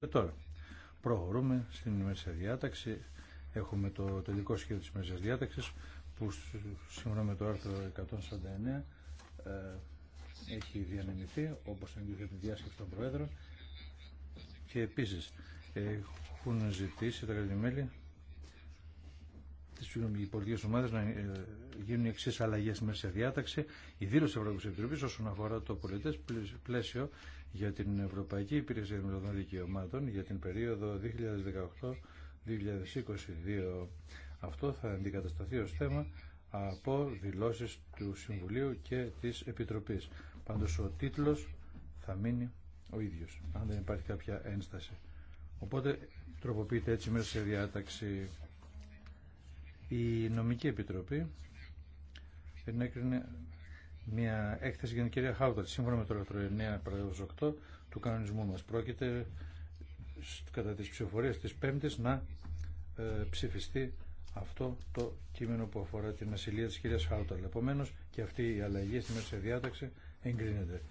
Και ε, τώρα προχωρούμε στην μέσα διάταξη. Έχουμε το τελικό σχέδιο της μέσα διάταξη που σύμφωνα με το άρθρο 149 ε, έχει διανεμηθεί όπως για τη διάσκεψη των Προέδρων και επίσης έχουν ζητήσει τα κρατημέλη τι οι πολιτικέ ομάδε να ε, γίνουν οι εξή αλλαγέ μέσα σε διάταξη. Η δήλωση τη Ευρωπαϊκή Επιτροπή όσον αφορά το πολιτέ πλαίσιο για την Ευρωπαϊκή Υπηρεσία Δημοκρατών Δικαιωμάτων για την περίοδο 2018-2022. Αυτό θα αντικατασταθεί ω θέμα από δηλώσεις του Συμβουλίου και της Επιτροπής. Πάντως ο τίτλο θα μείνει ο ίδιο, αν δεν υπάρχει κάποια ένσταση. Οπότε τροποποιείται έτσι μέσα σε διάταξη η νομική επιτροπή ενέκρινε μια έκθεση για την κυρία Χάουτα, σύμφωνα με το άρθρο 9 8 του κανονισμού μας. Πρόκειται κατά τις ψηφοφορίες της Πέμπτης να ε, ψηφιστεί αυτό το κείμενο που αφορά την ασυλία της κυρίας Χάουτα. Επομένω και αυτή η αλλαγή στη μέση διάταξη εγκρίνεται.